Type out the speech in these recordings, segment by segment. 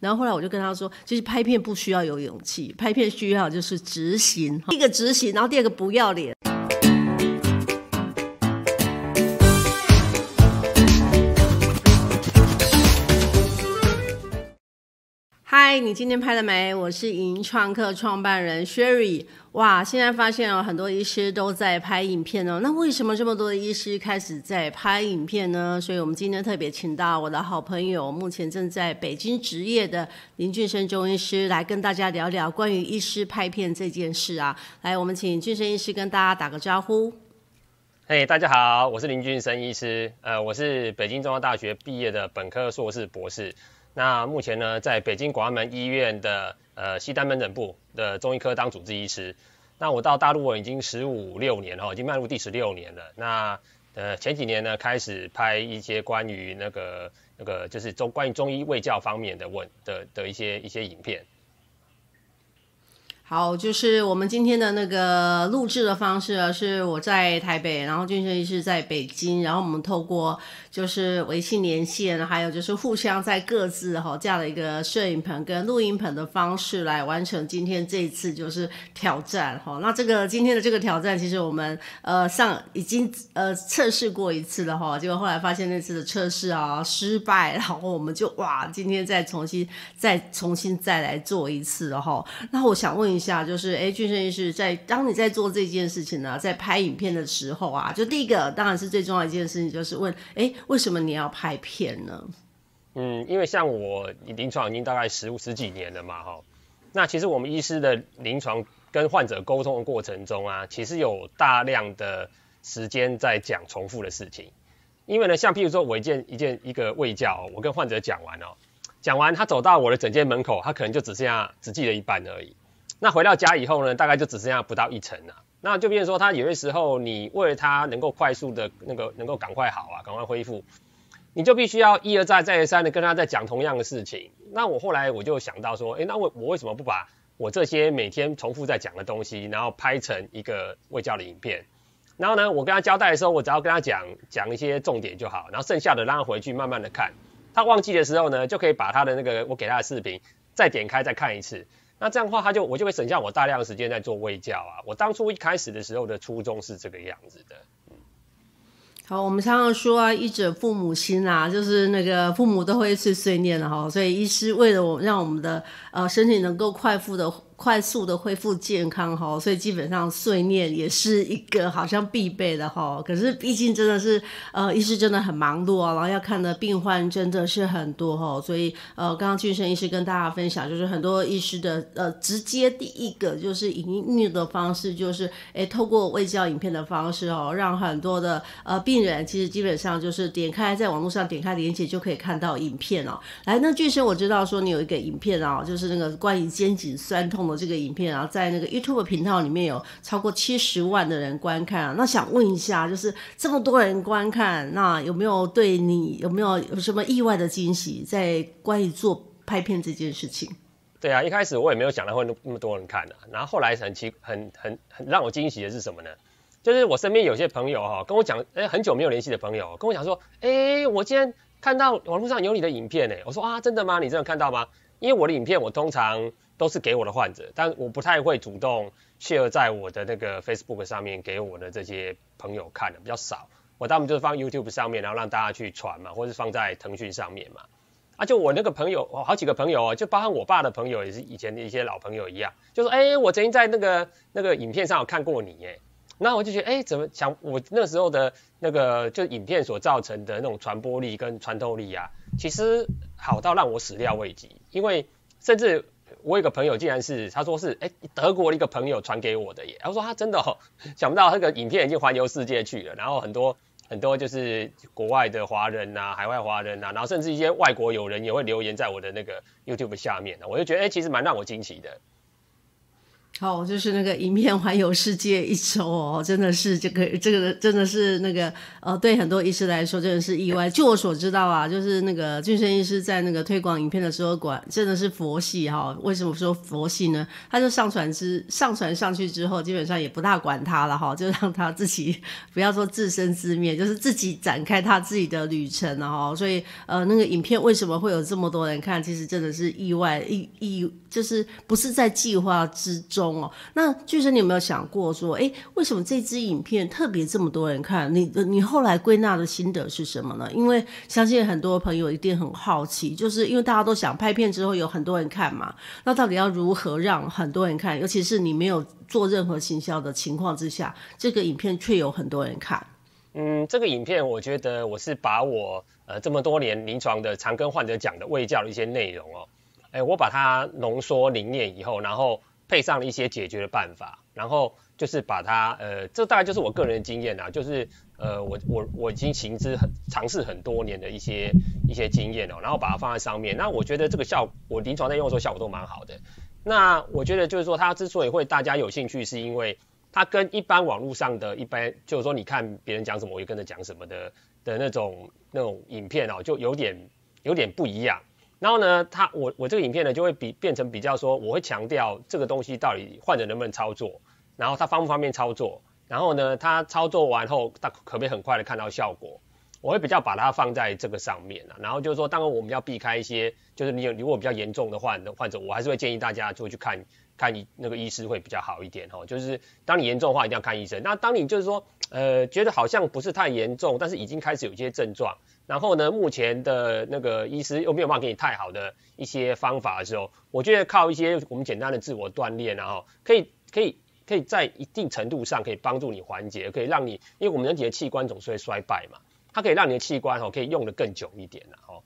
然後後來我就跟他說，就是拍片不需要有勇氣，拍片需要就是執行，一個執行，然後第二個不要臉。Hi, 你今天拍了沒？我是影創客創辦人 Sherry。哇，現在發現有很多醫師都在拍影片哦。那為什麼這麼多的醫師開始在拍影片呢？所以我們今天特別請到我的好朋友，目前正在北京執業的林峻生中醫師來跟大家聊聊關於醫師拍片這件事啊。來，我們請峻生醫師跟大家打個招呼。嘿，Hey，大家好，我是林峻生醫師。呃，我是北京中醫藥大學畢業的本科、碩士、博士。那目前呢，在北京廣安門醫院的呃西單門診部的中醫科當主治醫師。那我到大陸我已經十五六年了，已經邁入第十六年了。那呃前幾年呢，開始拍一些關於那個那個就是中關於中醫衛教方面的問的的，的一些一些影片。好，就是我們今天的那個錄製的方式啊，是我在台北，然後峻生醫師在北京，然後我們透過就是微信連線，還有就是互相在各自哈這樣的一個攝影棚跟錄音棚的方式來完成今天這一次就是挑戰哈、哦。那這個今天的這個挑戰，其實我們呃上已經呃測試過一次了哈，結果後來發現那次的測試啊失敗，然後我們就哇今天再重新再重新再來做一次了哈、哦。那我想問一。下就是，哎、欸，峻生醫師在，在當你在做這件事情呢、啊，在拍影片的時候啊，就第一個當然是最重要的一件事情，就是問，哎、欸，為什麼你要拍片呢？嗯，因為像我臨床已經大概十五十幾年了嘛，哈，那其實我們醫師的臨床跟患者溝通的過程中啊，其實有大量的時間在講重複的事情，因為呢，像譬如說，我一件一件一個衛教，我跟患者講完哦，講完他走到我的診間門口，他可能就只剩下只記得一半而已。那回到家以後呢，大概就只剩下不到一成了。那就變成說，他有些時候，你為了他能夠快速的那個，能夠趕快好啊，趕快恢復，你就必須要一而再，再而三的跟他在講同樣的事情。那我後來我就想到說，誒、欸，那我我為什麼不把我這些每天重複在講的東西，然後拍成一個衛教的影片？然後呢，我跟他交代的時候，我只要跟他講講一些重點就好，然後剩下的讓他回去慢慢的看。他忘記的時候呢，就可以把他的那個我給他的視頻再點開再看一次。那這樣的話，他就我就會省下我大量的時間在做衛教啊。我當初一開始的時候的初衷是這個樣子的。嗯，好，我們常常說啊，醫者父母心啊，就是那個父母都會碎碎念的哈，所以醫師為了我讓我們的呃身體能夠快速的。快速的恢復健康哦，所以基本上碎念也是一個好像必備的，哈、哦。可是畢竟真的是呃，醫師真的很忙碌哦，然後要看的病患，真的是很多哦，所以呃，剛剛俊生醫師跟大家分享，就是很多醫師的呃，直接第一個就是以錄的方式，就是哎，透過微教影片的方式哦，讓很多的呃病人其實基本上就是點開，在網絡上點開連接就可以看到影片哦。來，那俊生我知道說你有一個影片哦，就是那個關於肩頸酸痛，我這個影片，啊，然後在那個 YouTube 頻道裡面有超過七十萬的人觀看啊。那想問一下，就是這麼多人觀看，那有沒有對你有沒有有什麼意外的驚喜？在關於做拍片這件事情？對啊，一開始我也沒有想到會那麼多人看的，啊。然後後來很奇怪，很很很讓我驚喜的是什麼呢？就是我身邊有些朋友哈，啊，跟我講，哎、欸，很久沒有聯繫的朋友跟我講說，哎、欸，我今天看到網絡上有你的影片哎、欸。我說啊，真的嗎？你真的看到嗎？因為我的影片，我通常都是給我的患者，但我不太會主動 share 在我的那個 Facebook 上面，給我的這些朋友看的比較少。我大部分就是放 YouTube 上面，然後讓大家去傳嘛，或者是放在騰訊上面嘛。啊，就我那個朋友，好幾個朋友哦，就包含我爸的朋友，也是以前的一些老朋友一樣，就說，誒、欸，我曾經在那個那個影片上有看過你耶，哎，那我就覺得，誒、欸，怎麼想，我那時候的那個就影片所造成的那種傳播力跟穿透力啊，其實好到讓我始料未及。因為甚至我有個朋友，竟然是他說是，哎，德國的一個朋友傳給我的耶。我說他真的、哦、想不到那個影片已經環遊世界去了。然後很多很多就是國外的華人吶、啊，海外華人吶、啊，然後甚至一些外國友人也會留言在我的那個 YouTube 下面呢。我就覺得哎，其實蠻讓我驚奇的。好，就是那個影片環遊世界一周哦，真的是這個這個真的是那個呃，對很多醫師來說真的是意外。就我所知道啊，就是那個峻生醫師在那個推廣影片的時候管，管真的是佛系哈、哦。為什麼說佛系呢？他就上傳之上傳上去之後，基本上也不大管他了哈、哦，就讓他自己不要說自生自滅，就是自己展開他自己的旅程然、哦、後。所以呃，那個影片為什麼會有這麼多人看？其實真的是意外意意，就是不是在計劃之中。那峻生，你有沒有想過說，哎，為什麼這支影片特別這麼多人看？你你後來歸納的心得是什麼呢？因為相信很多朋友一定很好奇，就是因為大家都想拍片之後有很多人看嘛。那到底要如何讓很多人看？尤其是你沒有做任何行銷的情況之下，這個影片卻有很多人看、哦欸。嗯，這個影片我覺得我是把我呃這麼多年臨床的常跟患者講的衛教的一些內容哦，哎、欸，我把它濃縮凝練以後，然後。嗯嗯這個配上了一些解決的辦法，然後就是把它，呃，這大概就是我個人的經驗啊，就是，呃，我我我已經行之很嘗試很多年的一些一些經驗哦，然後把它放在上面，那我覺得這個效果，我臨床在用的時候效果都蠻好的。那我覺得就是說它之所以會大家有興趣，是因為它跟一般網絡上的一般，就是說你看別人講什麼，我就跟着講什麼的的那種那種影片哦，就有點有點不一樣。然後呢，他我我這個影片呢就會比變成比較說，我會強調這個東西到底患者能不能操作，然後他方不方便操作，然後呢，他操作完後他可不可以很快的看到效果，我會比較把它放在這個上面啊，然後就是說，當然我們要避開一些，就是你有你如果比較嚴重的患患者，我還是會建議大家就去看看那個醫師會比較好一點哈，哦。就是當你嚴重的話一定要看醫生，那當你就是說呃覺得好像不是太嚴重，但是已經開始有一些症狀。然後呢，目前的那個醫師又沒有辦法給你太好的一些方法的時候，我覺得靠一些我們簡單的自我鍛鍊、啊，然後可以可以可以在一定程度上可以幫助你緩解，可以讓你，因為我們人體的器官總是會衰敗嘛，它可以讓你的器官哈、哦、可以用得更久一點，然後。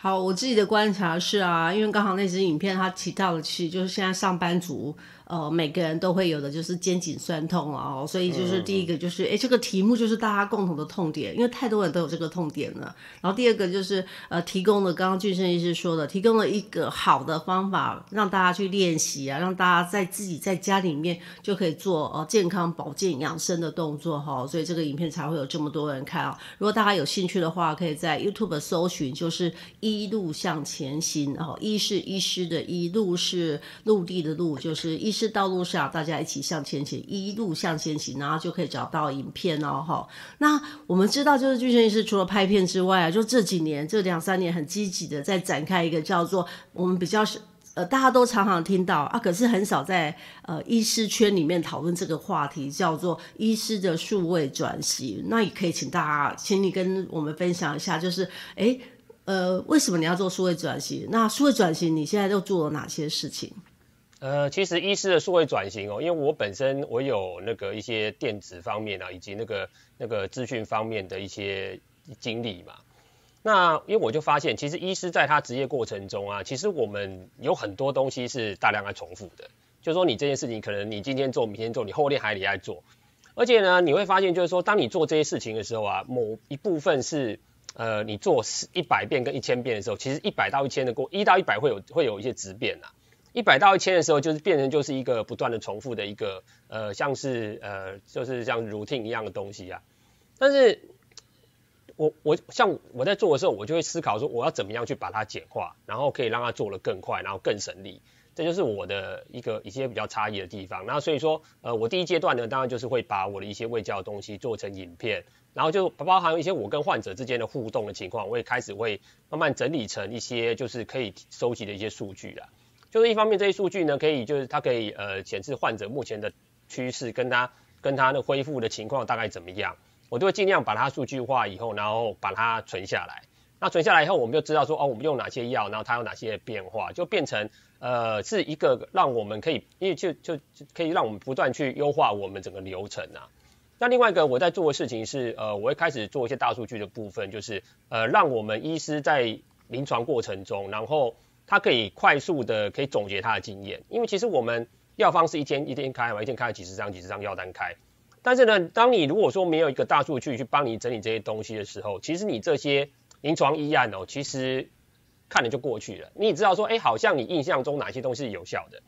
好，我自己的觀察是啊，因為剛好那支影片它提到的是，就是現在上班族。呃，每個人都會有的就是肩頸酸痛哦，所以就是第一個就是，哎、嗯嗯，這個題目就是大家共同的痛點，因為太多人都有這個痛點了。然後第二個就是，呃，提供了剛剛峻生醫師說的，提供了一個好的方法讓大家去練習啊，讓大家在自己在家裡面就可以做呃健康保健養生的動作哈、哦。所以這個影片才會有這麼多人看哦。如果大家有興趣的話，可以在 YouTube 搜尋，就是醫路向前行哦，醫，師醫，師醫，醫，醫，醫，醫，醫是醫師的醫，路是陸地的路，就是醫。是道路上，大家一起向前行，一路向前行，然後就可以找到影片哦。哈，那我們知道，就是峻生醫師除了拍片之外啊，就這幾年這兩三年很積極的在展開一個叫做我們比較是呃，大家都常常聽到啊，可是很少在呃醫師圈裡面討論這個話題，叫做醫師的數位轉型。那也可以請大家，請你跟我們分享一下，就是哎呃，為什麼你要做數位轉型？那數位轉型你現在都做了哪些事情？呃，其實醫師的數位轉型哦，因為我本身我有那個一些電子方面啊，以及那個那個資訊方面的一些經歷嘛。那因為我就發現，其實醫師在他職業過程中啊，其實我們有很多東西是大量在重複的。就是說你這件事情，可能你今天做，明天做，你後天還得再做。而且呢，你會發現就是說，當你做這些事情的時候啊，某一部分是呃，你做是一百遍跟一千遍的時候，其實一百到一千的過一到一百會有會有一些質變吶、啊。一百到一千的時候，就是變成就是一個不斷的重複的一個呃，像是呃，就是像 routine 一樣的東西啊。但是，我我像我在做的時候，我就會思考說，我要怎麼樣去把它簡化，然後可以讓它做得更快，然後更省力。這就是我的一個一些比較差異的地方。那所以說，呃，我第一階段呢，當然就是會把我的一些衛教的東西做成影片，然後就包含一些我跟患者之間的互動的情況，我也開始會慢慢整理成一些就是可以收集的一些數據了啊。就是一方面，這些數據呢，可以就是它可以呃顯示患者目前的趨勢，跟他跟他的恢復的情況大概怎麼樣，我都會盡量把它數據化以後，然後把它存下來。那存下來以後，我們就知道說哦，我們用哪些藥，然後它有哪些變化，就變成呃是一個讓我們可以，因為就就可以讓我們不斷去優化我們整個流程啊。那另外一個我在做的事情是呃，我會開始做一些大數據的部分，就是呃讓我們醫師在臨床過程中，然後，他可以快速的可以總結他的經驗，因為其實我們藥方是一天一天開嘛，一天開了幾十張幾十張藥單開。但是呢，當你如果說沒有一個大數據去幫你整理這些東西的時候，其實你這些臨床醫案哦，其實看了就過去了。你也知道說，哎、欸，好像你印象中哪些東西是有效的，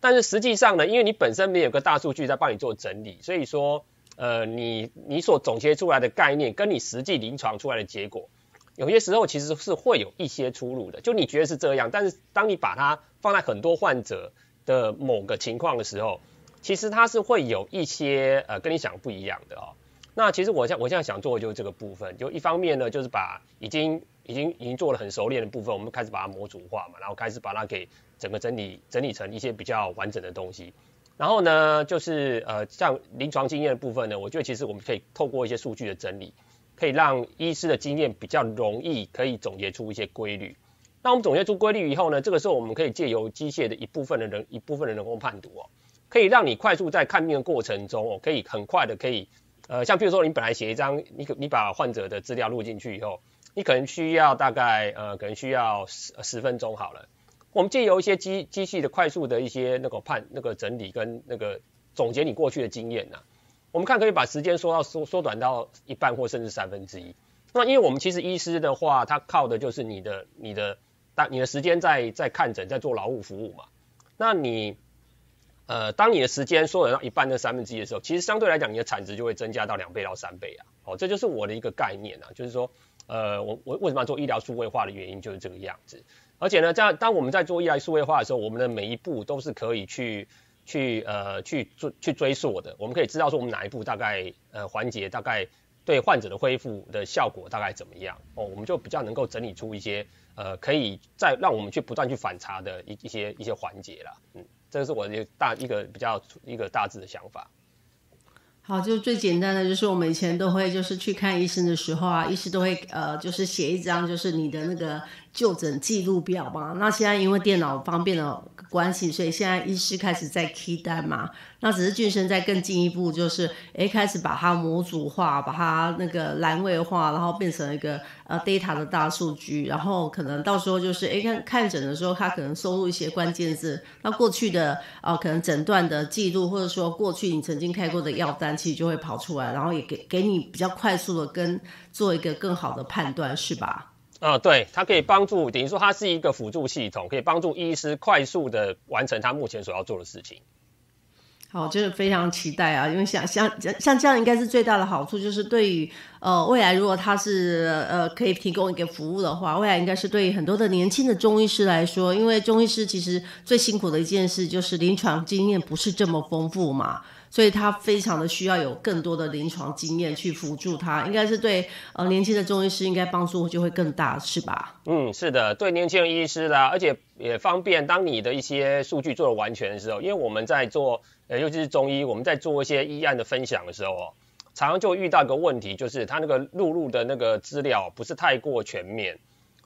但是實際上呢，因為你本身沒有一個大數據在幫你做整理，所以說，呃，你你所總結出來的概念，跟你實際臨床出來的結果，有些時候其實是會有一些出入的，就你覺得是這樣，但是當你把它放在很多患者的某個情況的時候，其實它是會有一些呃跟你想不一樣的哦。那其實我現在我現在想做的就是這個部分，就一方面呢就是把已經已經已經做了很熟練的部分，我們開始把它模組化嘛，然後開始把它給整個整理整理成一些比較完整的東西。然後呢就是呃像臨床經驗的部分呢，我覺得其實我們可以透過一些數據的整理。可以讓醫師的經驗比較容易可以總結出一些規律。那我們總結出規律以後呢，這個時候我們可以借由機械的一部分的人一部分的人工判讀哦，可以讓你快速在看病的過程中哦，可以很快的可以，呃，像譬如說你本來寫一張，你你把患者的資料錄進去以後，你可能需要大概呃可能需要十十分鐘好了。我們借由一些機機器的快速的一些那個判那個整理跟那個總結你過去的經驗吶。我們看可以把時間縮到縮縮短到一半或甚至三分之一。那因為我們其實醫師的話，他靠的就是你的你的大你的時間在在看診在做勞務服務嘛。那你呃當你的時間縮短到一半或三分之一的時候，其實相對來講你的產值就會增加到兩倍到三倍啊。哦，這就是我的一個概念啊，就是說呃我我為什麼要做醫療數位化的原因就是這個樣子。而且呢，在當我們在做醫療數位化的時候，我們的每一步都是可以去。去呃去追去追溯，我的，我們可以知道說我們哪一步大概呃環節大概對患者的恢復的效果大概怎麼樣哦，我們就比較能夠整理出一些呃可以再讓我們去不斷去反查的一些一些一些環節了，嗯，這個是我的大一個比較一個大致的想法。好，就最簡單的就是我們以前都會就是去看醫生的時候啊，醫師都會呃就是寫一張就是你的那個。就診記錄表嘛，那現在因為電腦方便的關係，所以現在醫師開始在 k 單嘛。那只是俊生，在更進一步，就是誒開始把它模組化，把它那個欄位化，然後變成一個呃 data 的大數據。然後可能到時候就是誒看診的時候，他可能輸入一些關鍵字，那過去的哦、呃、可能診斷的記錄，或者說過去你曾經開過的藥單，其實就會跑出來，然後也給給你比較快速的跟做一個更好的判斷，是吧？啊、哦，對，它可以幫助，等於說它是一個輔助系統，可以幫助醫師快速地完成他目前所要做的事情。好，就是非常期待啊，因為像像像這樣，應該是最大的好處，就是對於呃未來，如果他是呃可以提供一個服務的話，未來應該是對於很多的年輕的中醫師來說，因為中醫師其實最辛苦的一件事就是臨床經驗不是這麼豐富嘛。所以他非常的需要有更多的臨床經驗去輔助他，應該是對呃年輕的中醫師應該幫助就會更大，是吧？嗯，是的，對年輕人醫師啦，而且也方便。當你的一些數據做的完全的時候，因為我們在做呃尤其是中醫，我們在做一些醫案的分享的時候哦，常常就遇到一個問題，就是他那個錄入的那個資料不是太過全面，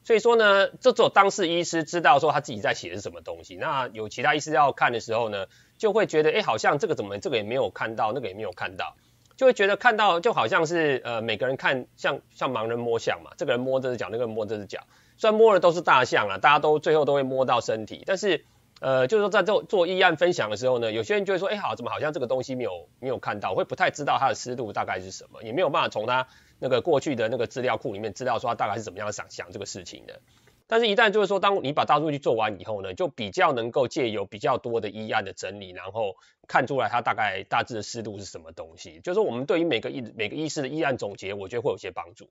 所以說呢，這種當事醫師知道說他自己在寫的是什麼東西。那有其他醫師要看的時候呢？就會覺得，哎、欸，好像這個怎麼，這個也沒有看到，那個也沒有看到，就會覺得看到就好像是，呃，每個人看像像盲人摸象嘛，這個人摸這隻腳，那個人摸這隻腳，雖然摸的都是大象啊，大家都最後都會摸到身體，但是，呃，就是說在這做議案分享的時候呢，有些人就會說，哎、欸，好，怎麼好像這個東西沒有沒有看到，會不太知道他的思路大概是什麼，也沒有辦法從他那個過去的那個資料庫裡面知道說他大概是怎麼樣想想這個事情的。但是，一旦就是說，當你把大數據做完以後呢，就比較能夠借由比較多的議案的整理，然後看出來它大概大致的思路是什麼東西。就是我們對於每，每個議每個醫師的議案總結，我覺得會有些幫助。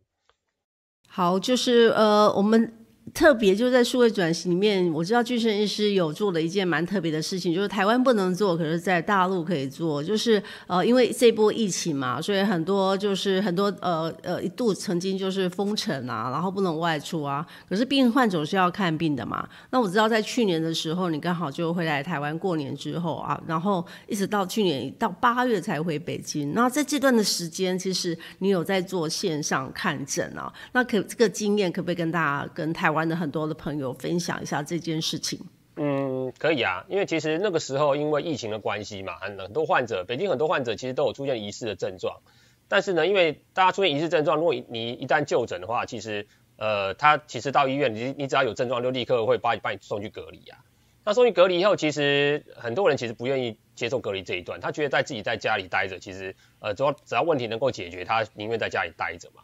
好，就是呃，我們。特別就是在數位轉型裡面，我知道峻生醫師有做了一件蠻特別的事情，就是台灣不能做，可是在大陸可以做。就是呃，因為這波疫情嘛，所以很多就是很多呃呃一度曾經就是封城啊，然後不能外出啊。可是病患總是要看病的嘛。那我知道在去年的時候，你剛好就回來台灣過年之後啊，然後一直到去年到八月才回北京。那在這段的時間，其實你有在做線上看診啊？那可這個經驗可不可以跟大家跟台灣。玩的很多的朋友分享一下這件事情。嗯，可以啊，因為其實那個時候因為疫情的關係嘛，很很多患者，北京很多患者其實都有出現疑似的症狀。但是呢，因為大家出現疑似症狀，如果你一旦就診的話，其實呃，他其實到醫院，你你只要有症狀，就立刻會把你把你送去隔離啊。那送去隔離以後，其實很多人其實不願意接受隔離這一段，他覺得在自己在家裡待着，其實呃，只要只要問題能夠解決，他寧願在家裡待着嘛。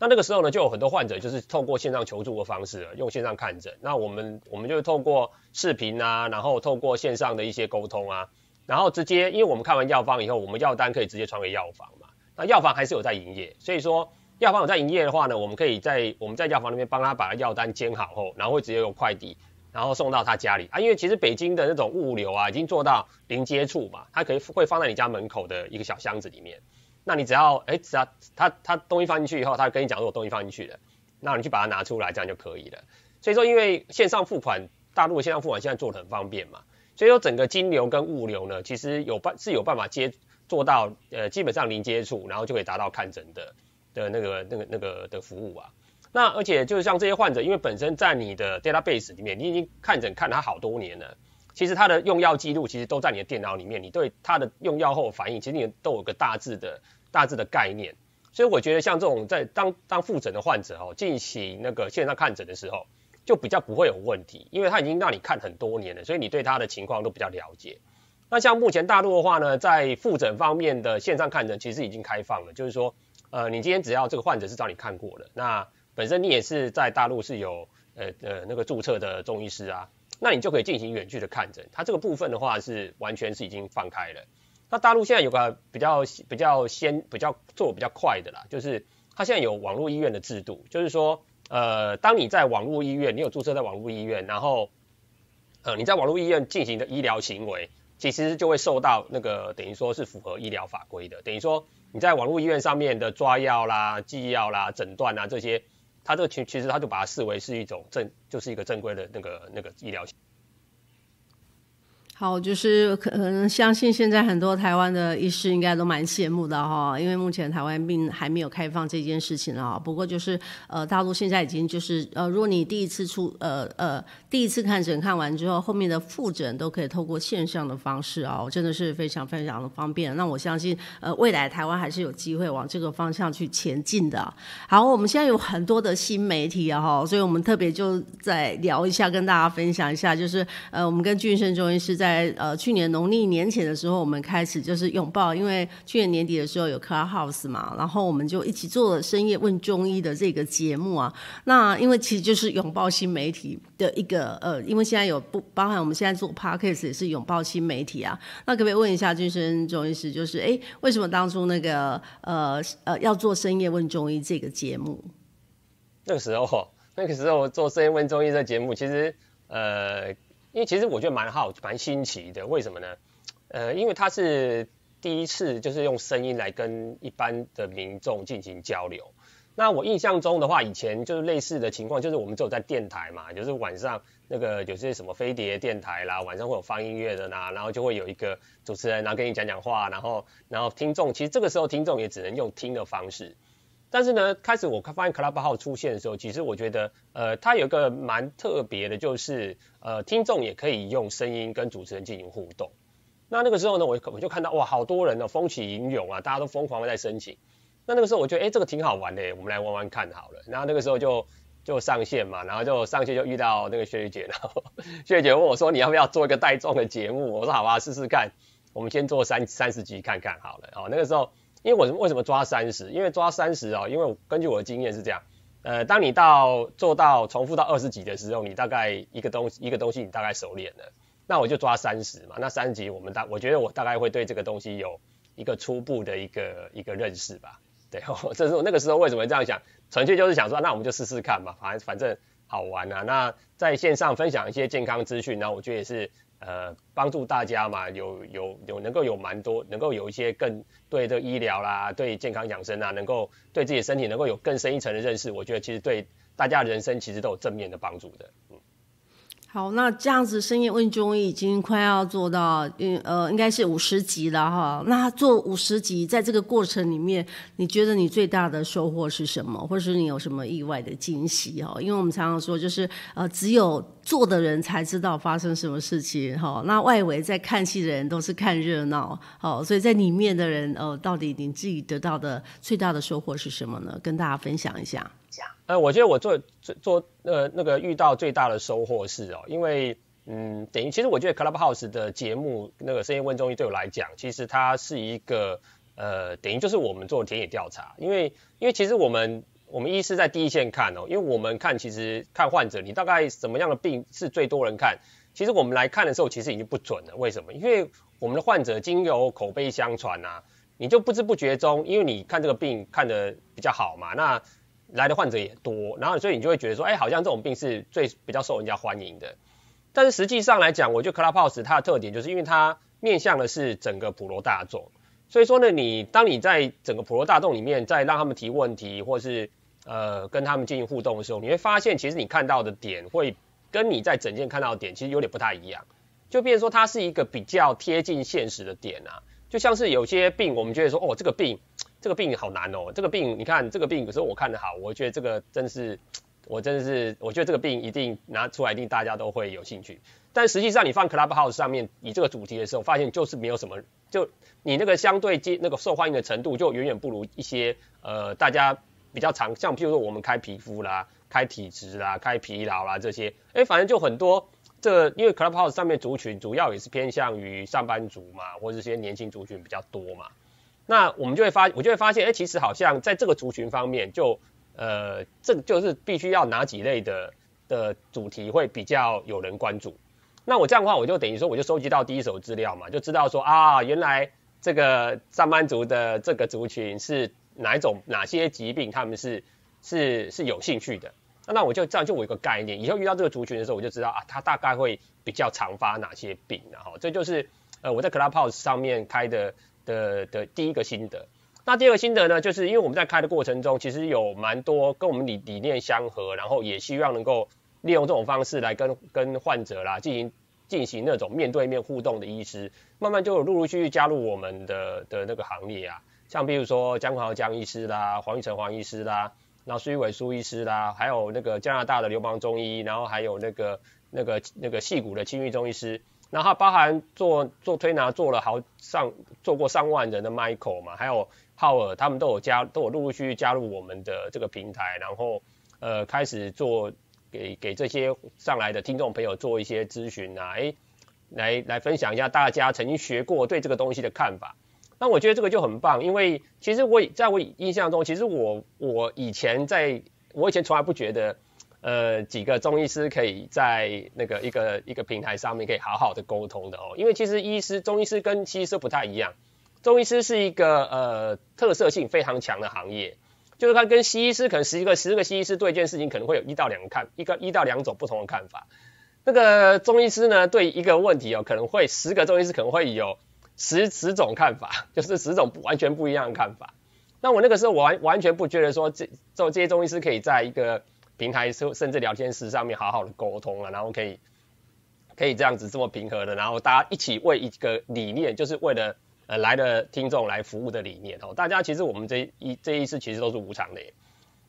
那那個時候呢，就有很多患者就是透過線上求助的方式，用線上看診。那我們我們就透過視頻啊，然後透過線上的一些溝通啊，然後直接，因為我們看完藥方以後，我們藥單可以直接傳給藥房嘛。那藥房還是有在營業，所以說藥房有在營業的話呢，我們可以在我們在藥房那邊幫他把藥單煎好後，然後會直接用快遞，然後送到他家裡啊。因為其實北京的那種物流啊，已經做到零接觸嘛，它可以會放在你家門口的一個小箱子裡面。那你只要哎只要他他，他東西放進去以後，他跟你講說我東西放進去了，那你去把它拿出來，這樣就可以了。所以說因為線上付款，大陸的線上付款現在做的很方便嘛，所以說整個金流跟物流呢，其實有辦是有辦法接做到呃基本上零接觸，然後就可以達到看診的的那個那個那個的服務啊。那而且就是像這些患者，因為本身在你的 database 裡面，你已經看診看了他好多年了。其實他的用藥記錄其實都在你的電腦裡面，你對他的用藥後反應其實你都有個大致的、大致的概念。所以我覺得像這種在當當複診的患者哦，進行那個線上看診的時候，就比較不會有問題，因為他已經讓你看很多年了，所以你對他的情況都比較了解。那像目前大陸的話呢，在複診方面的線上看診其實已經開放了，就是說，呃，你今天只要這個患者是找你看過了看過的，那本身你也是在大陸是有呃呃那個註冊的中醫師啊。那你就可以進行遠距的看診，它這個部分的話是完全是已經放開了。那大陸現在有個比較比較先比較做比較快的啦，就是它現在有網絡醫院的制度，就是說，呃，當你在網絡醫院，你有注冊在網絡醫院，然後，呃，你在網絡醫院進行的醫療行為，其實就會受到那個等於說是符合醫療法規的，等於說你在網絡醫院上面的抓藥啦、寄藥啦、診斷啦這些。他這個其其實他就把它視為是一種正，就是一個正規的那個那個醫療系統。好，就是可能相信現在很多台灣的醫師應該都蠻羨慕的哈，因為目前台灣並還沒有開放這件事情啊。不過就是呃，大陸現在已經就是呃，如果你第一次出呃呃第一次看診看完之後，後面的複診都可以透過線上的方式哦、啊，真的是非常非常的方便。那我相信呃，未來台灣還是有機會往這個方向去前進的。好，我們現在有很多的新媒體、啊、哈，所以我們特別就再聊一下，跟大家分享一下，就是呃，我們跟峻生中醫師在。在呃去年農曆年前的時候，我們開始就是擁抱。因為去年年底的時候有 Club House 嘛，然後我們就一起做了深夜問中醫的這個節目啊。那因為其實就是擁抱新媒體的一個呃，因為現在有不包含我們現在做 Podcast 也是擁抱新媒體啊。那可不可以問一下峻生中醫師，就是哎、欸、為什麼當初那個呃呃要做深夜問中醫這個節目？那個時候，那個時候我做深夜問中醫這個節目，其實呃。因為其實我覺得蠻好、蠻新奇的，為什麼呢？呃，因為它是第一次，就是用聲音來跟一般的民眾進行交流。那我印象中的話，以前就是類似的情況，就是我們只有在電台嘛，就是晚上那個有些、就是、什麼飛碟電台啦，晚上會有放音樂的啦，然後就會有一個主持人，然後跟你講講話，然後然後聽眾，其實這個時候聽眾也只能用聽的方式。但是呢，開始我發現 Clubhouse 出現的時候，其實我覺得，呃，它有一個蠻特別的，就是，呃，聽眾也可以用聲音跟主持人進行互動。那那個時候呢，我我就看到，哇，好多人哦，風起雲湧啊，大家都瘋狂在申請。那那個時候我覺得，哎，這個挺好玩的，我們來玩玩看好了。然後那個時候就就上線嘛，然後就上線就遇到那個薛雨姐，然後薛雨姐問我說，你要不要做一個帶狀的節目？我說好啊，試試看，我們先做三三十集看看好了。好、哦，那個時候。因為我為什麼抓三十？因為抓三十哦，因為根據我的經驗是這樣。呃，當你到做到重複到二十幾的時候，你大概一個東西一個東西你大概熟練了，那我就抓三十嘛。那三十幾我們大我覺得我大概會對這個東西有一個初步的一個一個認識吧。對，呵呵，這是我那個時候為什麼這樣想，純粹就是想說那我們就試試看嘛，反正反正好玩啊。那在線上分享一些健康資訊，然後我覺得也是。呃，幫助大家嘛，有有有能夠有蠻多，能夠有一些更對這個醫療啦，對健康養生啊，能夠對自己的身體能夠有更深一層的認識，我覺得其實對大家的人生其實都有正面的幫助的，嗯。好，那這樣子深夜問中醫已經快要做到，嗯呃，應該是五十集了哈。那做五十集，在這個過程裡面，你覺得你最大的收穫是什麼，或者是你有什麼意外的驚喜哦？因為我們常常說，就是呃，只有做的人才知道發生什麼事情哈。那外圍在看戲的人都是看熱鬧，哈，所以在裡面的人呃到底你自己得到的最大的收穫是什麼呢？跟大家分享一下。呃、嗯，我覺得我做做做、呃、那個遇到最大的收穫是哦，因為嗯等於其實我覺得 Clubhouse 的節目那個聲音問中醫對我來講，其實它是一個呃等於就是我們做的田野調查，因為因為其實我們我們醫師在第一線看哦，因為我們看其實看患者你大概什麼樣的病是最多人看，其實我們來看的時候其實已經不準了，為什麼？因為我們的患者經由口碑相傳啊，你就不知不覺中，因為你看這個病看得比較好嘛，那來的患者也多，然後所以你就會覺得說，哎，好像這種病是最比較受人家歡迎的。但是實際上來講，我覺得 Clubhouse 它的特點就是因為它面向的是整個普羅大眾，所以說呢，你當你在整個普羅大眾裡面再讓他們提問題，或是呃跟他們進行互動的時候，你會發現其實你看到的點會跟你在診間看到的點其實有點不太一樣。就變成說它是一個比較貼近現實的點啊，就像是有些病，我們覺得說，哦，這個病。這個病好難哦，這個病你看這個病，有時候我看得好，我覺得這個真是，我真的是，我覺得這個病一定拿出來一定大家都會有興趣。但實際上你放 Clubhouse 上面以這個主題的時候，發現就是沒有什麼，就你那個相對接那個受歡迎的程度就遠遠不如一些呃大家比較常像，譬如說我們開皮膚啦、開體質啦、開疲勞啦這些，哎反正就很多。這個，因為 Clubhouse 上面族群主要也是偏向於上班族嘛，或者是一些年輕族群比較多嘛。那我們就會發，我就會發現，哎、欸，其實好像在這個族群方面就，就呃，這就是必須要哪幾類的的主題會比較有人關注。那我這樣的話，我就等於說，我就收集到第一手資料嘛，就知道說啊，原來這個上班族的這個族群是哪一種、哪些疾病他們是是是有興趣的。那我就這樣，就我一個概念，以後遇到這個族群的時候，我就知道啊，他大概會比較常發哪些病，然後這就是呃，我在 Clubhouse 上面開的。的的第一個心得，那第二個心得呢，就是因為我們在開的過程中，其實有蠻多跟我們理理念相合，然後也希望能夠利用這種方式來跟跟患者啦，進行進行那種面對面互動的醫師，慢慢就有陸陸續續加入我們的的那個行業啊，像比如說江國豪江醫師啦，黃玉成黃醫師啦，然後蘇玉偉蘇醫師啦，還有那個加拿大的流氓中醫，然後還有那個那個那個溪谷的青玉中醫師。然後包含做做推拿做了好上做過上萬人的 Michael 嘛，還有浩爾他們都有加，都有陸陸續續加入我們的這個平台，然後呃開始做給給這些上來的聽眾朋友做一些諮詢啊，哎來來分享一下大家曾經學過對這個東西的看法。那我覺得這個就很棒，因為其實我在我印象中，其實我我以前在我以前從來不覺得。呃，幾個中醫師可以在那個一個一個平台上面可以好好的溝通的哦，因為其實醫師、中醫師跟西醫師不太一樣，中醫師是一個呃特色性非常強的行業，就是他跟西醫師可能十一個、十個西醫師對一件事情可能會有一到兩看一個一到兩種不同的看法，那個中醫師呢對一個問題哦可能會十個中醫師可能會有十十種看法，就是十種完全不一樣的看法。那我那個時候我完完全不覺得說這這這些中醫師可以在一個，平台甚至聊天室上面好好的溝通了啊，然後可以可以這樣子這麼平和的，然後大家一起為一個理念，就是為了呃來的聽眾來服務的理念哦。大家其實我們這一這一次其實都是無償的耶，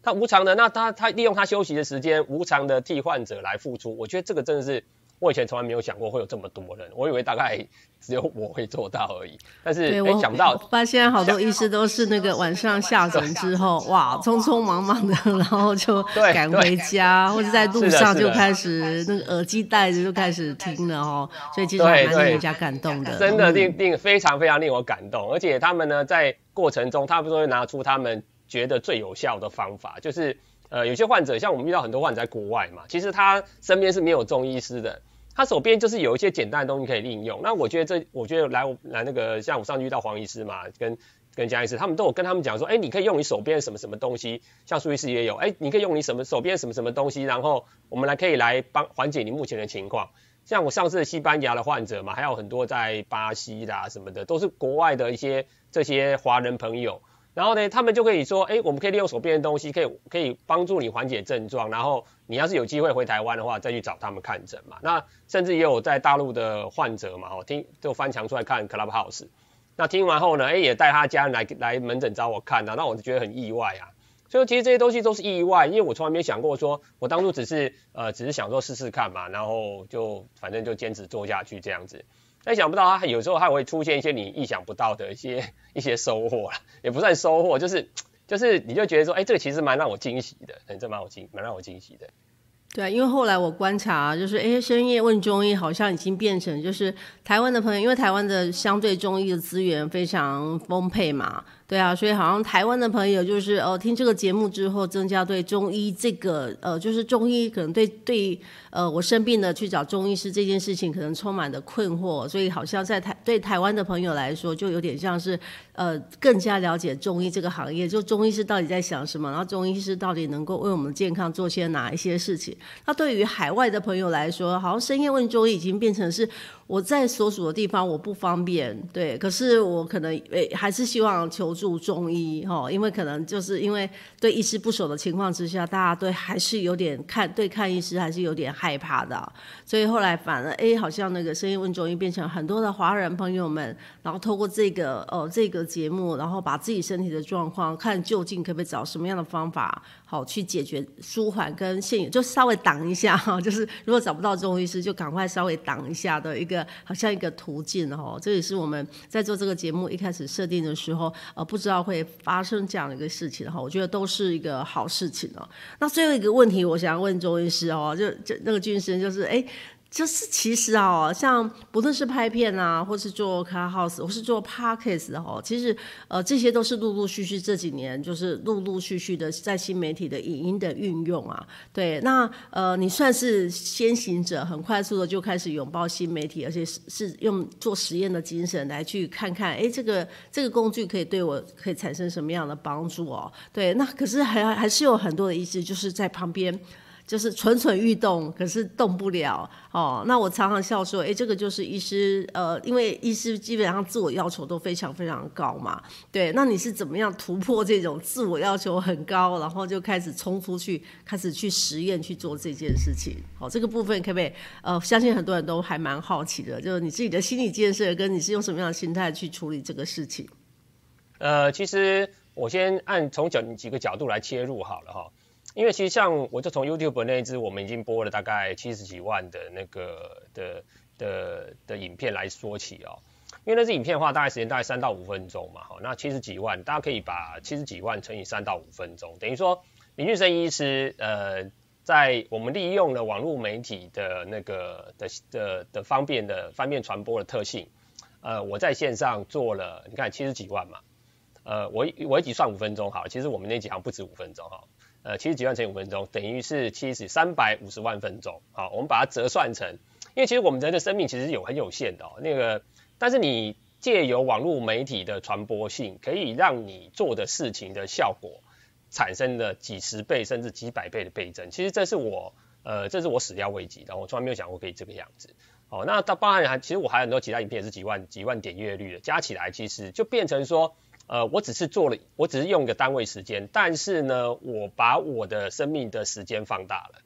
他無償的，那他他利用他休息的時間無償的替患者來付出，我覺得這個真的是。我以前從來沒有想過會有這麼多人，我以為大概只有我會做到而已。但是沒、欸、想到，發現好多醫師都是那個晚上下診之後，哇，匆匆忙忙的，嗯、然後就趕回家，或者在路上就開始那個耳機戴着就開始聽了哦。所以其實我還是比較感動的，嗯、真的令令非常非常令我感動。而且他們呢，在過程中，他們都會拿出他們覺得最有效的方法，就是呃，有些患者像我們遇到很多患者在國外嘛，其實他身邊是沒有中醫師的。他手邊就是有一些簡單的東西可以利用。那我覺得這，我覺得來來那個，像我上次遇到黃醫師嘛，跟跟江醫師，他們都有我跟他們講說，哎、欸，你可以用你手邊什麼什麼東西，像蘇醫師也有，哎、欸，你可以用你什麼手邊什麼什麼東西，然後我們來可以來幫緩解你目前的情況。像我上次西班牙的患者嘛，還有很多在巴西的、啊、什麼的，都是國外的一些這些華人朋友。然後呢，他們就可以說，哎，我們可以利用手邊的東西，可以可以幫助你緩解症狀。然後你要是有機會回台灣的話，再去找他們看診嘛。那甚至也有在大陸的患者嘛，哦，聽就翻牆出來看 Clubhouse。那聽完後呢，哎，也帶他家人來來門診找我看啊，那我就覺得很意外啊。所以其實這些東西都是意外，因為我從來沒想過說，我當初只是呃，只是想說試試看嘛，然後就反正就堅持做下去這樣子。但想不到，他有時候他還會出現一些你意想不到的一些一些收穫啦，也不算收穫，就是就是你就覺得說，哎、欸，這個其實蠻讓我驚喜的，真的蠻我驚蠻讓我驚喜，喜的。對啊，因為後來我觀察，就是哎、欸，深夜問中醫好像已經變成就是台灣的朋友，因為台灣的相對中醫的資源非常豐沛嘛。對啊，所以好像台灣的朋友就是哦、呃，聽這個節目之後，增加對中醫這個呃，就是中醫可能對對呃，我生病了去找中醫師這件事情，可能充滿了困惑。所以好像在台對台灣的朋友來說，就有點像是呃，更加了解中醫這個行業，就中醫師到底在想什麼，然後中醫師到底能夠為我們健康做些哪一些事情。那對於海外的朋友來說，好像深夜問中醫已經變成是。我在所屬的地方我不方便，對，可是我可能誒還是希望求助中醫齁，因為可能就是因為對醫師不熟的情況之下，大家對還是有點看對看醫師還是有點害怕的，所以後來反而誒好像那個聲音問中醫變成很多的華人朋友們，然後透過這個呃，這個節目，然後把自己身體的狀況看究竟可不可以找什麼樣的方法。好，去解決舒緩跟現有，就稍微擋一下哈，就是如果找不到中醫師，就趕快稍微擋一下的一個，好像一個途徑哈，這也是我們在做這個節目一開始設定的時候，呃，不知道會發生這樣的一個事情哈。我覺得都是一個好事情哦。那最後一個問題，我想問中醫師哦，就就那個峻生，就是哎。欸就是其實哦，像不論是拍片啊，或是做 Clubhouse，或是做 Podcast 哦，其實呃這些都是陸陸續續這幾年，就是陸陸續續的在新媒體的影音的運用啊。對，那呃你算是先行者，很快速的就開始擁抱新媒體，而且是是用做實驗的精神來去看看，哎，這個這個工具可以對我可以產生什麼樣的幫助哦。對，那可是還還是有很多的意思，就是在旁邊。就是蠢蠢欲動，可是動不了哦。那我常常笑說，哎、欸，這個就是醫師，呃，因為醫師基本上自我要求都非常非常高嘛。對，那你是怎麼樣突破這種自我要求很高，然後就開始衝出去，開始去實驗去做這件事情？好、哦，這個部分可不可以？呃，相信很多人都還蠻好奇的，就你是你自己的心理建設跟你是用什麼樣的心態去處理這個事情？呃，其實我先按從角幾個角度來切入好了哈。因為其實像我就從 YouTube 那一支我們已經播了大概七十幾萬的那個的的的影片來說起哦。因為那支影片的話大概時間大概三到五分鐘嘛，齁，那七十幾萬，大家可以把七十幾萬乘以三到五分鐘，等於說林峻生醫師呃，在我們利用了網絡媒體的那個的的的方便的方便傳播的特性，呃，我在線上做了你看七十幾萬嘛，呃，我我一集算五分鐘好，其實我們那集好像不止五分鐘哈。呃，七十幾萬乘五分鐘，等於是七十三百五十萬分鐘。好，我們把它折算成，因為其實我們人的生命其實有很有限的，哦，那個，但是你借由網絡媒體的傳播性，可以讓你做的事情的效果產生了幾十倍甚至幾百倍的倍增。其實這是我，呃，這是我始料未及的，我從來沒有想過可以這個樣子。好，那它包含還，其實我還有很多其他影片也是幾萬幾萬點閱率的，加起來其實就變成說。呃，我只是做了，我只是用一個單位時間，但是呢，我把我的生命的時間放大了。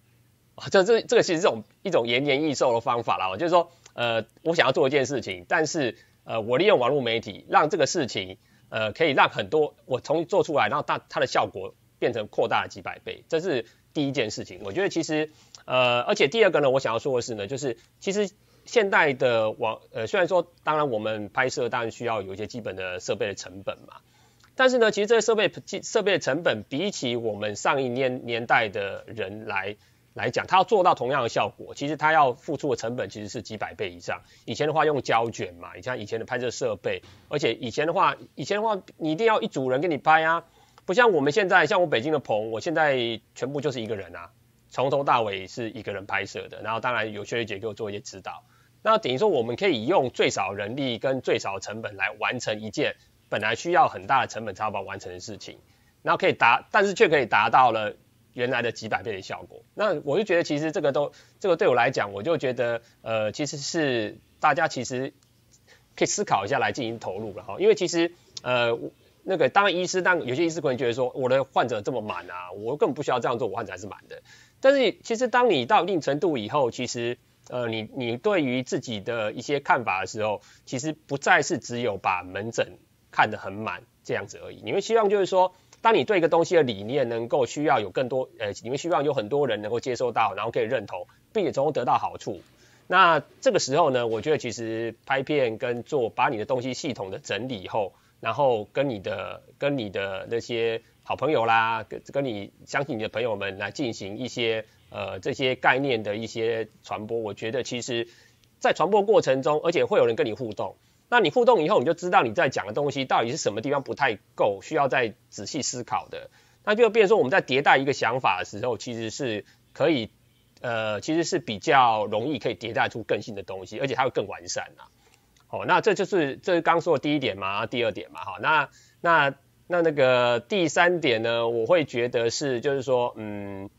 啊，這這這個其實是一種一種延年益壽的方法啦，就是說，呃，我想要做一件事情，但是呃，我利用網絡媒體，讓這個事情，呃，可以讓很多我從做出來，然後大它，它的效果變成擴大了幾百倍，這是第一件事情。我覺得其實，呃，而且第二個呢，我想要說的是呢，就是其實。現代的網呃，雖然說，當然我們拍攝當然需要有一些基本的設備的成本嘛。但是呢，其實這些設備設備的成本比起我們上一年年代的人來來講，他要做到同樣的效果，其實他要付出的成本其實是幾百倍以上。以前的話用膠卷嘛，你像以前的拍攝設備，而且以前的話，以前的話你一定要一組人給你拍啊，不像我們現在，像我北京的棚，我現在全部就是一個人啊，從頭到尾是一個人拍攝的，然後當然有薛麗姐給我做一些指導。那等於說，我們可以用最少人力跟最少成本來完成一件本來需要很大的成本才把它完成的事情，然後可以達，但是卻可以達到了原來的幾百倍的效果。那我就覺得，其實這個都，這個對我來講，我就覺得，呃，其實是大家其實可以思考一下來進行投入了哈。因為其實，呃，那個當醫師，當有些醫師可能覺得說，我的患者這麼滿啊，我根本不需要這樣做，我患者還是滿的。但是其實當你到一定程度以後，其實。呃，你你對於自己的一些看法的時候，其實不再是只有把門診看得很滿這樣子而已。你們希望就是說，當你對一個東西的理念能夠需要有更多，呃，你們希望有很多人能夠接受到，然後可以認同，並且從中得到好處。那這個時候呢，我覺得其實拍片跟做，把你的東西系統的整理以後，然後跟你的跟你的那些好朋友啦，跟跟你相信你的朋友們來進行一些。呃，這些概念的一些傳播，我覺得其實，在傳播過程中，而且會有人跟你互動，那你互動以後，你就知道你在講的東西到底是什麼地方不太夠，需要再仔細思考的。那就變成說，我們在迭代一個想法的時候，其實是可以，呃，其實是比較容易可以迭代出更新的東西，而且它會更完善啦、啊。哦，那這就是，這是剛說的第一點嘛，第二點嘛，哈、哦，那那那那個第三點呢，我會覺得是，就是說，嗯。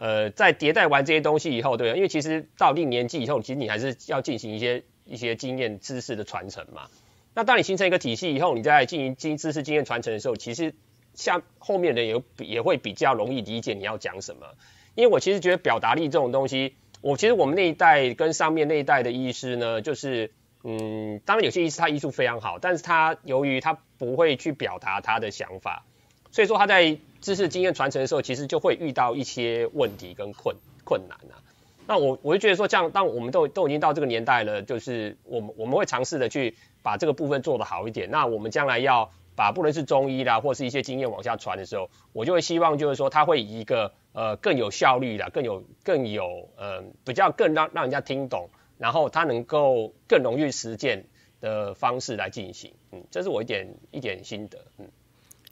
呃，在迭代完這些東西以後，對、啊，因為其實到一定年紀以後，其實你還是要進行一些一些經驗知識的傳承嘛。那當你形成一個體系以後，你再進行經知識經驗傳承的時候，其實像後面的人也也會比較容易理解你要講什麼。因為我其實覺得表達力這種東西，我其實我們那一代跟上面那一代的醫師呢，就是嗯，當然有些醫師他醫術非常好，但是他由於他不會去表達他的想法。所以說他在知識經驗傳承的時候，其實就會遇到一些問題跟困困難吶啊。那我我就覺得說，這樣，當我們都都已經到這個年代了，就是我們我們會嘗試的去把這個部分做得好一點。那我們將來要把不論是中醫啦，或是一些經驗往下傳的時候，我就會希望就是說，他會以一個呃更有效率啦，更有更有呃比較更讓讓人家聽懂，然後他能夠更容易實踐的方式來進行。嗯，這是我一點一點心得。嗯。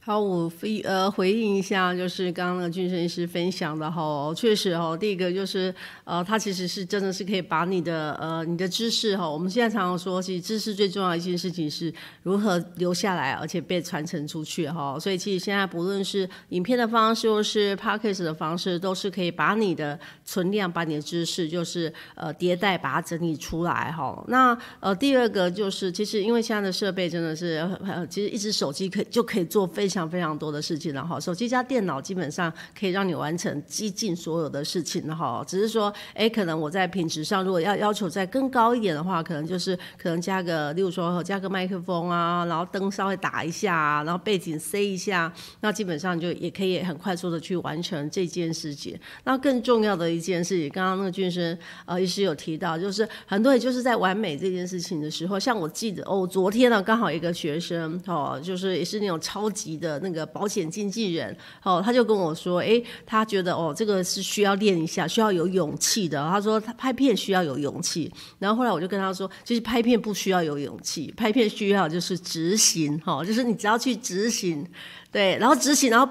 好，我回呃回應一下，就是剛剛那個峻生醫師分享的哈、哦，確實哦，第一個就是呃，他其實是真的是可以把你的呃你的知識哈、哦，我們現在常常說，其實知識最重要的一件事情是如何留下來，而且被傳承出去哈、哦。所以其實現在不論是影片的方式，或是 Podcast 的方式，都是可以把你的存量，把你的知識就是呃迭代，把它整理出來哈、哦。那呃第二個就是其實因為現在的設備真的是，呃、其實一只手機可以就可以做非常。非常非常多的事情，然後手機加電腦基本上可以讓你完成接近所有的事情哈。只是說，哎，可能我在品質上如果要要求再更高一點的話，可能就是可能加個，例如說加個麥克風啊，然後燈稍微打一下啊，然後背景塞一下，那基本上就也可以很快速的去完成這件事情。那更重要的一件事情，剛剛那個峻生呃醫師有提到，就是很多人就是在完美這件事情的時候，像我記得哦，昨天呢、啊、剛好一個學生哦，就是也是那種超級。的那個保險經紀人，哦，他就跟我說，誒，他覺得哦，這個是需要練一下，需要有勇氣的。他說他拍片需要有勇氣。然後後來我就跟他說，其實拍片不需要有勇氣，拍片需要就是執行，哦，就是你只要去執行，對，然後執行，然後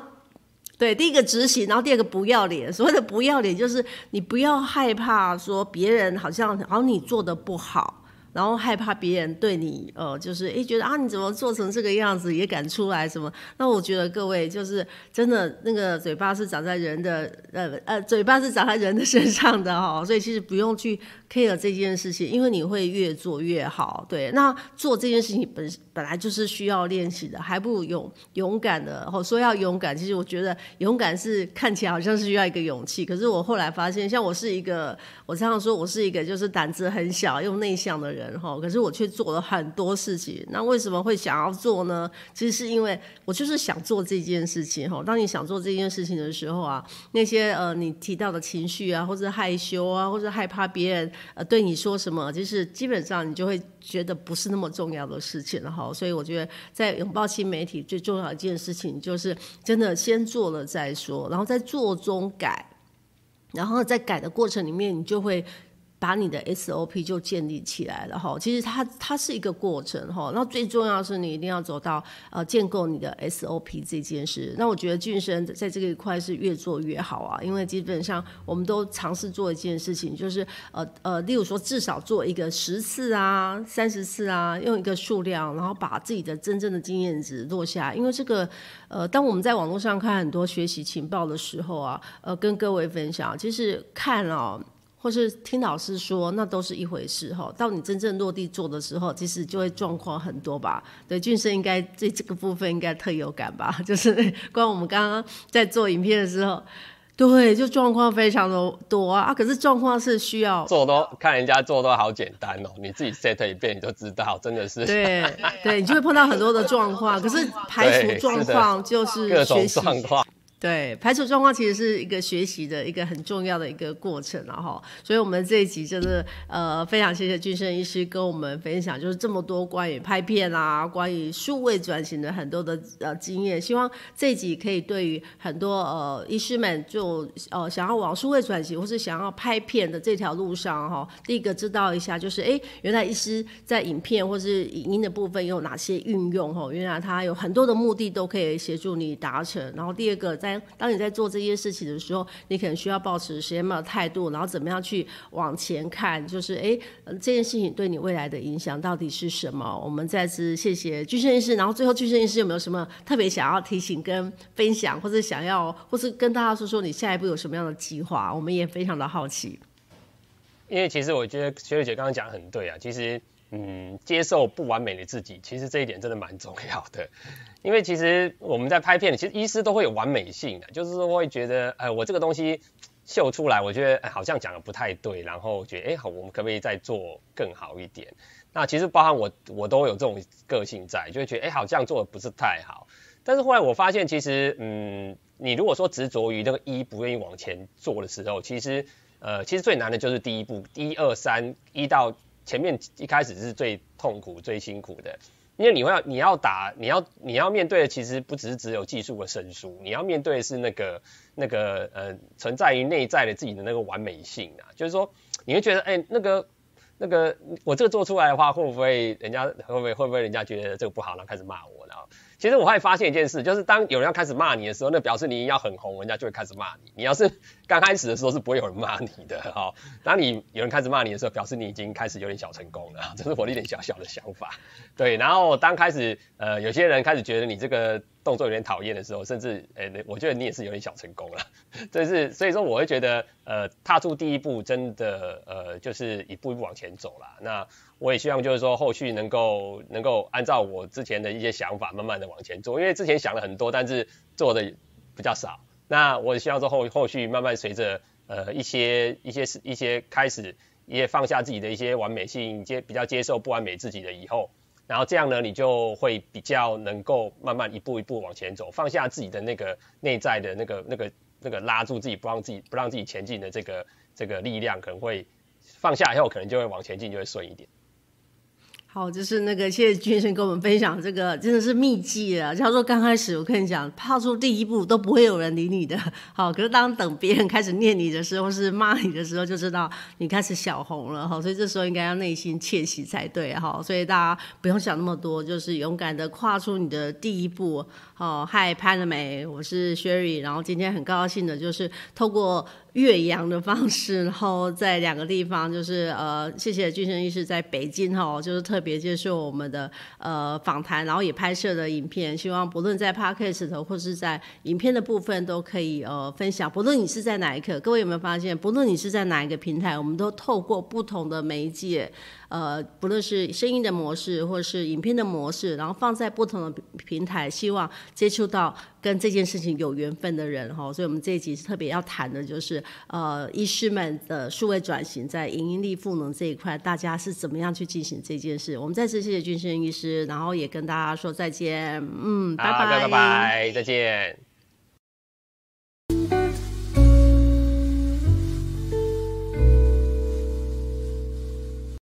對，第一個執行，然後第二個不要臉。所謂的不要臉，就是你不要害怕說別人好像，然後你做得不好。然後害怕別人對你，呃，就是，哎，覺得啊，你怎麼做成這個樣子也敢出來？什麼？那我覺得各位就是真的，那個嘴巴是長在人的，呃呃，嘴巴是長在人的身上的哦，所以其實不用去 care 這件事情，因為你會越做越好。對，那做這件事情本本來就是需要練習的，還不如勇勇敢的。我、哦、說要勇敢，其實我覺得勇敢是看起來好像是需要一個勇氣，可是我後來發現，像我是一個，我常常說我是一個就是膽子很小又內向的人。可是我卻做了很多事情。那為什麼會想要做呢？其實是因為我就是想做這件事情。當你想做這件事情的時候啊，那些呃，你提到的情緒啊，或者害羞啊，或者害怕別人呃對你說什麼，就是基本上你就會覺得不是那麼重要的事情了哈。所以我覺得在擁抱新媒體最重要的一件事情就是真的先做了再說，然後在做中改，然後在改的過程裡面你就會。把你的 SOP 就建立起來了哈，其實它它是一個過程哈。那最重要的是你一定要走到呃，建構你的 SOP 這件事。那我覺得峻生在這個一塊是越做越好啊，因為基本上我們都嘗試做一件事情，就是呃呃，例如說至少做一個十次啊、三十次啊，用一個數量，然後把自己的真正的經驗值落下來。因為這個呃，當我們在網絡上看很多學習情報的時候啊，呃，跟各位分享，其實看了、啊。就是聽老師說，那都是一回事哈。到你真正落地做的時候，其實就會狀況很多吧。對，峻生應該對這個部分應該特有感吧。就是關我們剛剛在做影片的時候，對，就狀況非常的多啊。啊可是狀況是需要做都，看人家做都好簡單喔，你自己 set 一遍你就知道，真的是。對，對啊，對，你就會碰到很多的狀況。 可是排除狀況就是學習，各種狀況。對，排除狀況其實是一個學習的一個很重要的一個過程，然後，所以我們這一集真的呃非常謝謝峻生醫師跟我們分享，就是這麼多關於拍片啊，關於數位轉型的很多的呃經驗。希望這一集可以對於很多呃醫師們就呃想要往數位轉型或是想要拍片的這條路上哈、呃，第一個知道一下就是，哎，原來醫師在影片或是影音的部分有哪些運用哈，原來他有很多的目的都可以協助你達成。然後第二個在當你在做這件事情的時候，你可能需要保持什麼樣的態度？然後怎麼樣去往前看？就是，哎、欸呃，這件事情對你未來的影響到底是什麼？我們再次謝謝峻生醫師。然後最後，峻生醫師有沒有什麼特別想要提醒跟分享，或是想要，或是跟大家說說你下一步有什麼樣的計劃？我們也非常的好奇。因為其實我覺得學姐剛剛講的很對啊，其實。嗯，接受不完美的自己，其實這一點真的蠻重要的。因為其實我們在拍片，其實醫師都會有完美性的，就是說會覺得，呃，我這個東西秀出來，我覺得、哎、好像講得不太對，然後覺得，哎，好，我們可不可以再做更好一點？那其實包含我，我都有這種個性在，就會覺得，哎，好像做的不是太好。但是後來我發現，其實，嗯，你如果說執着於那個一，不願意往前做的時候，其實，呃，其實最難的就是第一步，一二三，一到。前面一開始是最痛苦、最辛苦的，因為你要你要打你要你要面對的其實不只是只有技術的生疏，你要面對的是那個那個呃存在於內在的自己的那個完美性啊，就是說你會覺得哎、欸、那個那個我這個做出來的話會不會人家會不會會不會人家覺得這個不好呢？然後開始罵我了。其實我還發現一件事，就是當有人要開始罵你的時候，那表示你要很紅，人家就會開始罵你。你要是剛開始的時候是不會有人罵你的，哈，當你有人開始罵你的時候，表示你已經開始有點小成功了，這是我的一點小小的想法，對，然後當開始，呃，有些人開始覺得你這個動作有點討厭的時候，甚至，欸，我覺得你也是有點小成功了，這是，所以說我會覺得，呃，踏出第一步真的，呃，就是一步一步往前走啦，那我也希望就是說後續能夠能夠按照我之前的一些想法慢慢的往前做，因為之前想了很多，但是做的比較少。那我希望說後後續慢慢隨着呃，一些一些事一些開始，也放下自己的一些完美性接比較接受不完美自己的以後，然後這樣呢，你就會比較能夠慢慢一步一步往前走，放下自己的那個內在的那個那個那個拉住自己不讓自己不讓自己前進的這個這個力量，可能會放下以後，可能就會往前進，就會順一點。好，就是那個，謝謝峻生跟我們分享這個，真的是秘籍啊！他說剛開始我跟你講，踏出第一步都不會有人理你的。好，可是當等別人開始念你的時候，是罵你的時候，就知道你開始小紅了。好，所以這時候應該要內心竊喜才對。哈，所以大家不用想那麼多，就是勇敢的跨出你的第一步。好，嗨，拍了沒？我是 Sherry，然後今天很高興的就是透過。越洋的方式，然後在兩個地方，就是呃，謝謝峻生醫師在北京哈、哦，就是特別接受我們的呃訪談，然後也拍攝了影片。希望不論在 Podcast 的或是在影片的部分，都可以呃分享。不論你是在哪一刻，各位有沒有發現，不論你是在哪一個平台，我們都透過不同的媒介。呃，不論是聲音的模式或是影片的模式，然後放在不同的平台，希望接觸到跟這件事情有緣分的人哈。所以我們這一集特別要談的就是，呃，醫師們的數位轉型在影音力賦能這一塊，大家是怎麼樣去進行這件事？我們再次謝謝峻生醫師，然後也跟大家說再見，嗯，拜拜拜拜，再見。